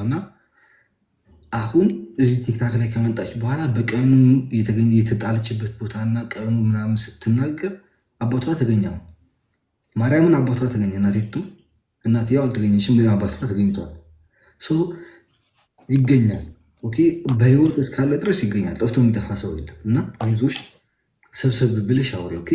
ያለችው አሁን እዚህ ቲክታክ ላይ ከመጣች በኋላ በቀኑ የተጣለችበት ቦታና ቀኑ ምናምን ስትናገር አባቷ ተገኘ። ማርያምን አባቷ ተገኘ። እናቴቱ እናት ያው አልተገኘችም፣ ግን አባቷ ተገኝቷል። ይገኛል። ኦኬ በህይወት እስካለ ድረስ ይገኛል። ጠፍቶ የሚጠፋ ሰው የለም እና አይዞሽ ሰብሰብ ብለሽ አውሪ ኦኬ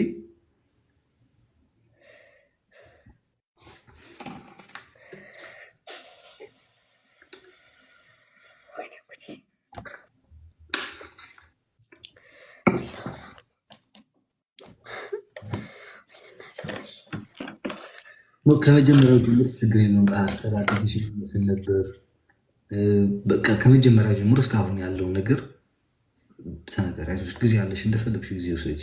ከመጀመሪያው ጀምሮ ችግር የለውም። አስተዳደር ሲመስል ነበር። በቃ ከመጀመሪያው ጀምሮ እስካሁን ያለው ነገር ተነገራች። ጊዜ አለሽ፣ እንደፈለግሽ ጊዜ ውሰጅ።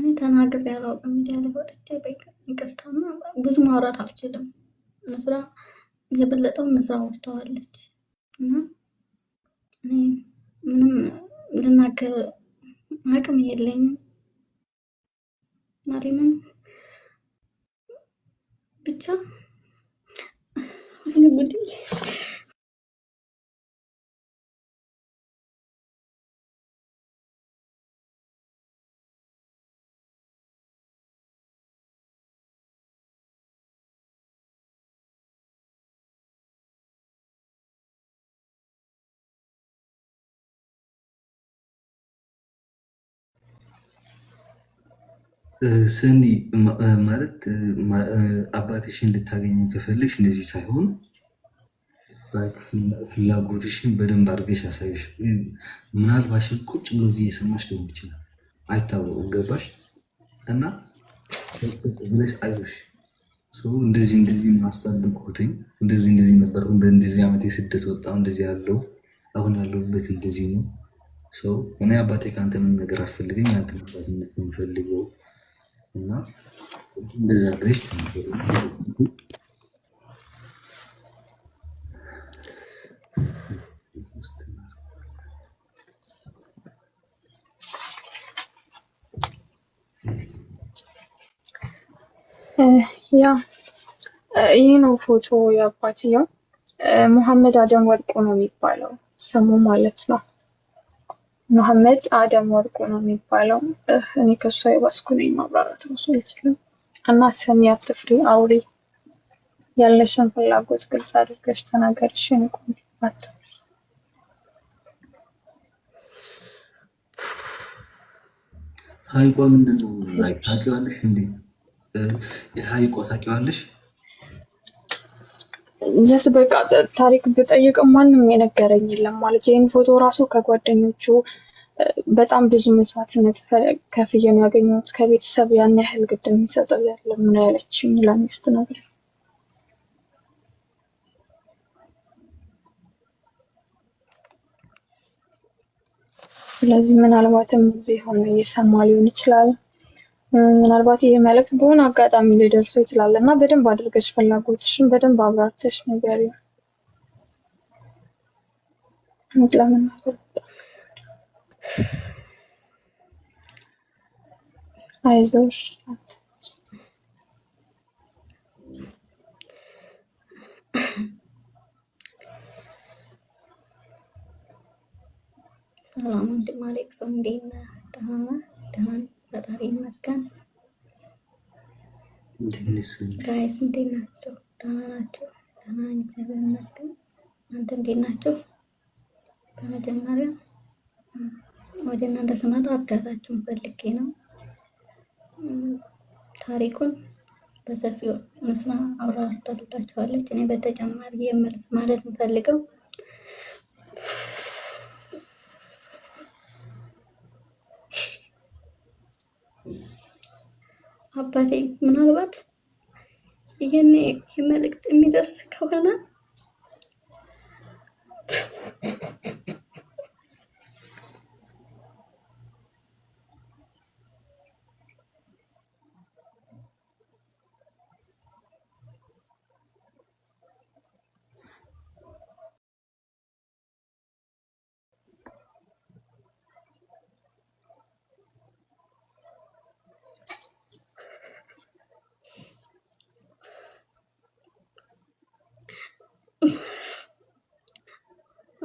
እኔ ተናግሬ አላውቅም። ሚዲያ ላይ ወጥቼ ይቅርታና ብዙ ማውራት አልችልም። ስራ የበለጠው ስራ ወጥተዋለች እና እኔ ምንም ልናገር አቅም የለኝም። ማርያምን ብቻ ጉዲ ሰኒ ማለት አባትሽን ልታገኝ ከፈለግሽ እንደዚህ ሳይሆን ፍላጎትሽን በደንብ አድርገሽ ያሳየሽ። ምናልባሽን ቁጭ ብሎ እዚህ እየሰማሽ ሊሆን ይችላል፣ አይታወቅም። ገባሽ እና ብለሽ አይዞሽ እንደዚህ እንደዚህ ማስታልኩትኝ እንደዚህ እንደዚህ ነበር፣ በእንደዚህ ዓመት የስደት ወጣ እንደዚህ ያለው አሁን ያለሁበት እንደዚህ ነው። እኔ አባቴ ከአንተ ምን ነገር አፈልገኝ አንተ ምፈልገው እና እንደዛ ብለሽ ያ ይህ ነው ፎቶ የአባትየው። መሐመድ አደም ወርቁ ነው የሚባለው ስሙ ማለት ነው። መሐመድ አደም ወርቁ ነው የሚባለው። እኔ ከሱ የባስኩ ነኝ። ማብራራት ራሱ አልችልም። እና ስሚ አትፍሪ፣ አውሪ፣ ያለሽን ፍላጎት ግልጽ አድርገሽ ተናገርሽ። ንቁም ሀይቋ ምንድን ነው ታውቂዋለሽ እንዴ? ሀይቋ ታውቂዋለሽ? ጀስት በቃ ታሪክ ብጠይቅ ማንም የነገረኝ የለም ማለት ይህን ፎቶ ራሱ ከጓደኞቹ በጣም ብዙ መስዋዕትነት ከፍዬ ያገኘት ከቤተሰብ ያን ያህል ግድ የሚሰጠው ያለም ነው ያለችኝ ለሚስት ነገር ስለዚህ ምናልባትም እዚህ የሆነ እየሰማ ሊሆን ይችላል። ምናልባት ይህ መልእክት በሆነ አጋጣሚ ሊደርሰው ይችላል እና በደንብ አድርገሽ ፍላጎትሽን በደንብ አብራርተሽ ንገሪ። አይዞሽ ሰላም ወንድም አሌክሶ እንዴት ነህ? ደህና ነህ? ደህና ነኝ ፈጣሪ ይመስገን። ጋይስ እንዴት ናቸው? ደህና ናቸው? ደህና እግዚአብሔር ይመስገን። አንተ እንዴት ናቸው? በመጀመሪያ ወደ እናንተ ስመጣ እርዳታችሁን ፈልጌ ነው። ታሪኩን በሰፊው ምስና አውራ ታችኋለች። እኔ በተጨማሪ ማለት የምፈልገው አባቴ ምናልባት ይህን መልእክት የሚደርስ ከሆነ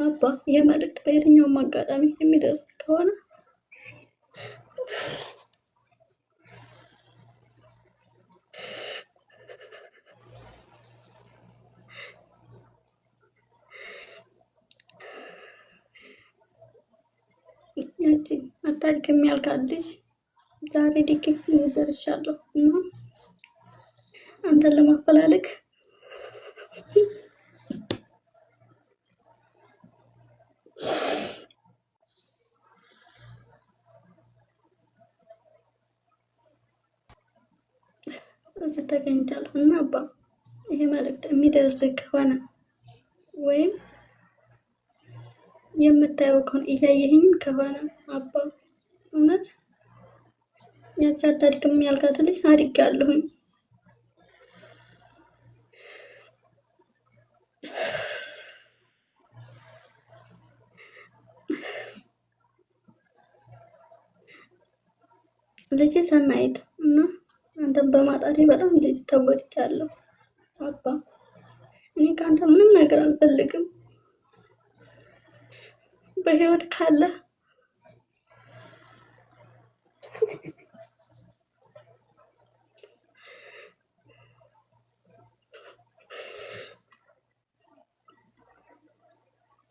አባ ይሄ መልእክት በየትኛውም አጋጣሚ የሚደርስ ከሆነ ያቺ አታድግም ያልካት ልጅ ዛሬ ዲግ ደርሻለሁ እና አንተን ለማፈላለግ እዚህ ተገኝቻለሁ እና አባ ይሄ መልእክት የሚደርስ ከሆነ ወይም የምታየው ከሆነ እያየህኝም ከሆነ አባ እውነት ያቺ አዳድግም ያልካት ልጅ አድጋለሁኝ ልጅ ሰናይት አንተን በማጣቴ በጣም ልጅ ተጎድቻለሁ። አባ እኔ ከአንተ ምንም ነገር አልፈልግም። በህይወት ካለ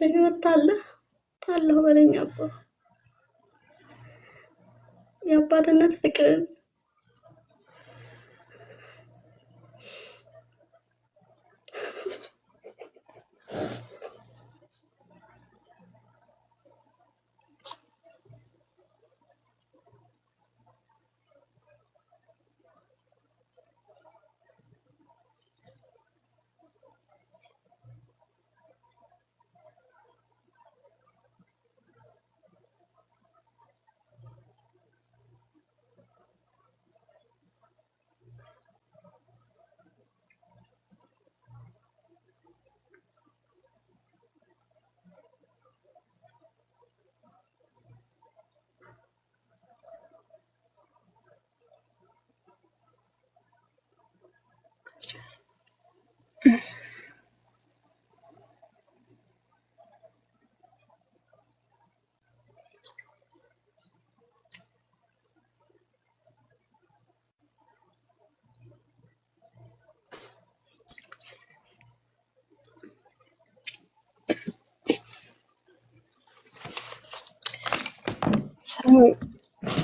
በህይወት ታለ ታለሁ በለኝ አባ የአባትነት ፍቅርን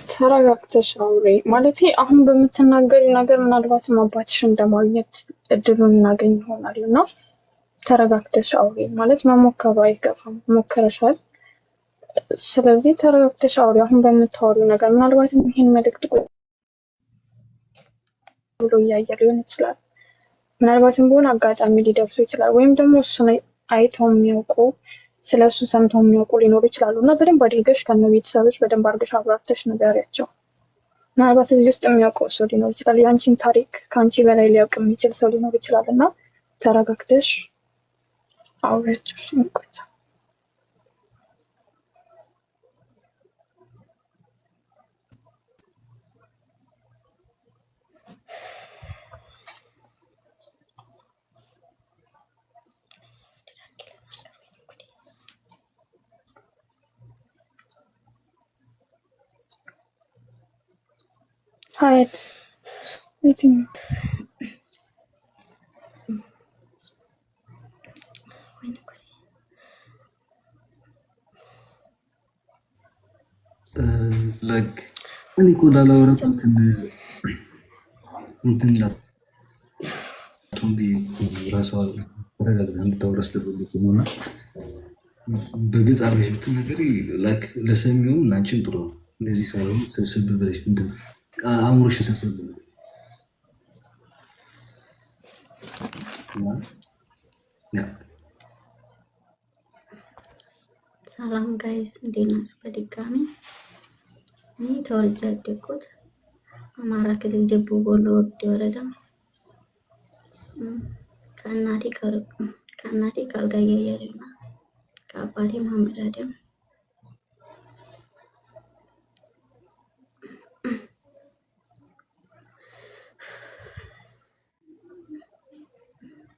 ተረጋግተሽ አውሪ ማለት አሁን በምትናገሪ ነገር ምናልባትም አባትሽ እንደማግኘት እድሉን እናገኝ ይሆናል እና ተረጋግተሽ አውሪ ማለት መሞከሩ አይገባም። ሞከረሻል። ስለዚህ ተረጋግተሽ አውሪ። አሁን በምታወሪው ነገር ምናልባትም ይህን መልእክት ብሎ እያየ ሊሆን ይችላል። ምናልባትም በሆነ አጋጣሚ ሊደርሱ ይችላል። ወይም ደግሞ እሱን አይተው የሚያውቁ ስለ እሱ ሰምተው የሚያውቁ ሊኖሩ ይችላሉ እና በደንብ አድርገሽ ከነ ቤተሰቦች በደንብ አድርገሽ አብራርተሽ ንገሪያቸው። ምናልባት እዚህ ውስጥ የሚያውቀው ሰው ሊኖር ይችላል። የአንቺን ታሪክ ከአንቺ በላይ ሊያውቅ የሚችል ሰው ሊኖር ይችላል እና ተረጋግተሽ አውረች ይቆጫል ሀያት የትኛው እኔ እኮ ላላወራ እንትን ራሷ ተረጋግታ እንድታወራ ስለፈለኩ ነው። እና በግልጽ አድርገሽ ብትናገሪ ለሰሚውም አንቺም ጥሩ ነው። እነዚህ ሳይሆኑ ስብስብ ብለሽ እንትን አእምሮሽ ተሰብሰብ ሰላም ጋይስ እንዴት ናችሁ? በድጋሚ እኔ ተወልጄ ያደግኩት አማራ ክልል ደቡብ ወሎ ወግዲ ወረዳ ከእናቴ ከአልጋ እያያሌው እና ከአባቴ መሀመድ